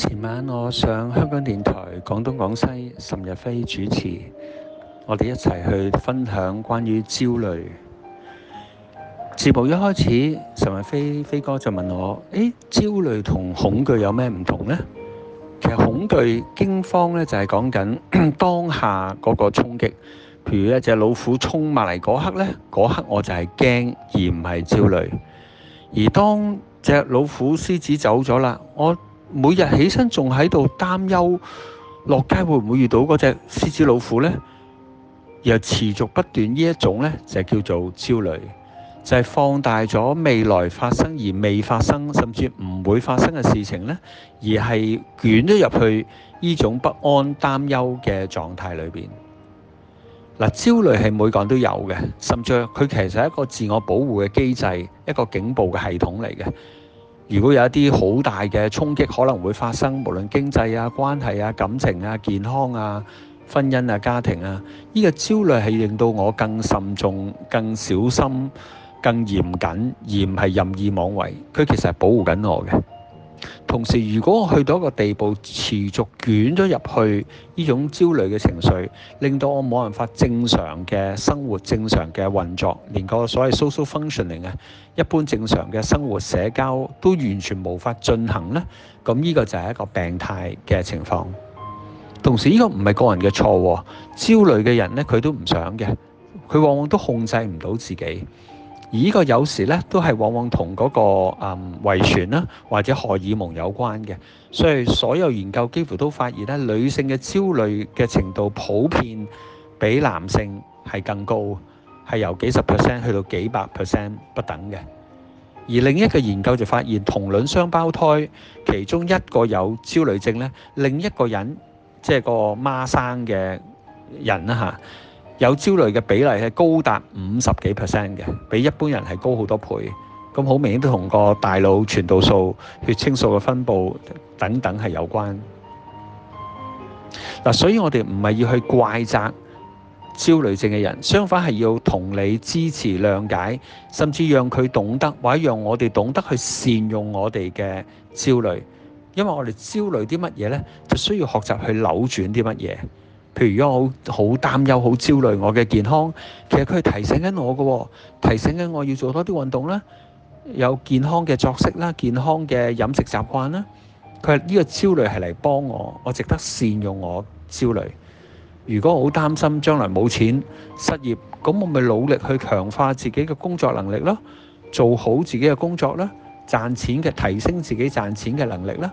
前晚我上香港電台廣東廣西，岑日飛主持，我哋一齊去分享關於焦慮。節目一開始，岑日飛飛哥就問我，誒，焦慮同恐懼有咩唔同咧？其實恐懼驚慌咧，就係講緊當下嗰個衝擊，譬如一隻老虎衝埋嚟嗰刻咧，嗰刻我就係驚，而唔係焦慮。而當隻老虎獅子走咗啦，我每日起身仲喺度擔憂落街會唔會遇到嗰隻獅子老虎咧，又持續不斷呢一種咧，就係叫做焦慮，就係放大咗未來發生而未發生甚至唔會發生嘅事情咧，而係捲咗入去呢種不安擔憂嘅狀態裏邊。嗱，焦慮係每個人都有嘅，甚至佢其實係一個自我保護嘅機制，一個警報嘅系統嚟嘅。如果有一啲好大嘅衝擊可能會發生，無論經濟啊、關係啊、感情啊、健康啊、婚姻啊、家庭啊，呢個焦慮係令到我更慎重、更小心、更嚴謹，而唔係任意妄為。佢其實係保護緊我嘅。同時，如果我去到一個地步，持續捲咗入去呢種焦慮嘅情緒，令到我冇辦法正常嘅生活、正常嘅運作，連個所謂 social functioning 啊，一般正常嘅生活、社交都完全無法進行呢，咁呢個就係一個病態嘅情況。同時呢，呢個唔係個人嘅錯，焦慮嘅人呢，佢都唔想嘅，佢往往都控制唔到自己。而呢個有時咧，都係往往同嗰個誒遺傳啦，或者荷爾蒙有關嘅。所以所有研究幾乎都發現咧，女性嘅焦慮嘅程度普遍比男性係更高，係由幾十 percent 去到幾百 percent 不等嘅。而另一個研究就發現，同卵雙胞胎其中一個有焦慮症咧，另一個人即係個孖生嘅人啦嚇，有焦慮嘅比例係高達五十幾 percent 嘅，比一般人係高好多倍。咁好明顯都同個大腦傳導素、血清素嘅分布等等係有關。嗱、啊，所以我哋唔係要去怪責焦慮症嘅人，相反係要同理支持、諒解，甚至讓佢懂得，或者讓我哋懂得去善用我哋嘅焦慮。因為我哋焦慮啲乜嘢呢？就需要學習去扭轉啲乜嘢。譬如如果我好擔憂、好焦慮我嘅健康，其實佢係提醒緊我嘅，提醒緊我要做多啲運動啦，有健康嘅作息啦，健康嘅飲食習慣啦。佢話呢個焦慮係嚟幫我，我值得善用我焦慮。如果我好擔心將來冇錢失業，咁我咪努力去強化自己嘅工作能力咯，做好自己嘅工作啦，賺錢嘅，提升自己賺錢嘅能力啦。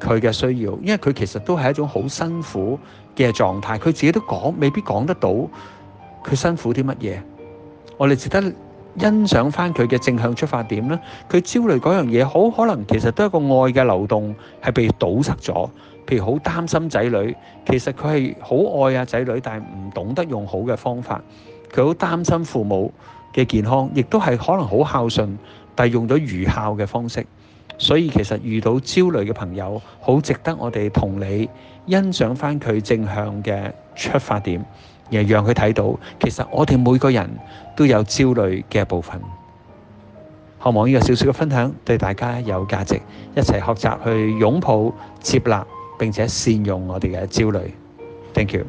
佢嘅需要，因為佢其實都係一種好辛苦嘅狀態，佢自己都講未必講得到佢辛苦啲乜嘢。我哋值得欣賞翻佢嘅正向出發點啦。佢焦慮嗰樣嘢，好可能其實都係一個愛嘅流動係被堵塞咗。譬如好擔心仔女，其實，佢係好愛啊仔女，但係唔懂得用好嘅方法。佢好擔心父母嘅健康，亦都係可能好孝順，但係用咗愚孝嘅方式。所以其實遇到焦慮嘅朋友，好值得我哋同你欣賞返佢正向嘅出發點，而讓佢睇到其實我哋每個人都有焦慮嘅部分。渴望呢個小小嘅分享對大家有價值，一齊學習去擁抱、接納並且善用我哋嘅焦慮。Thank you。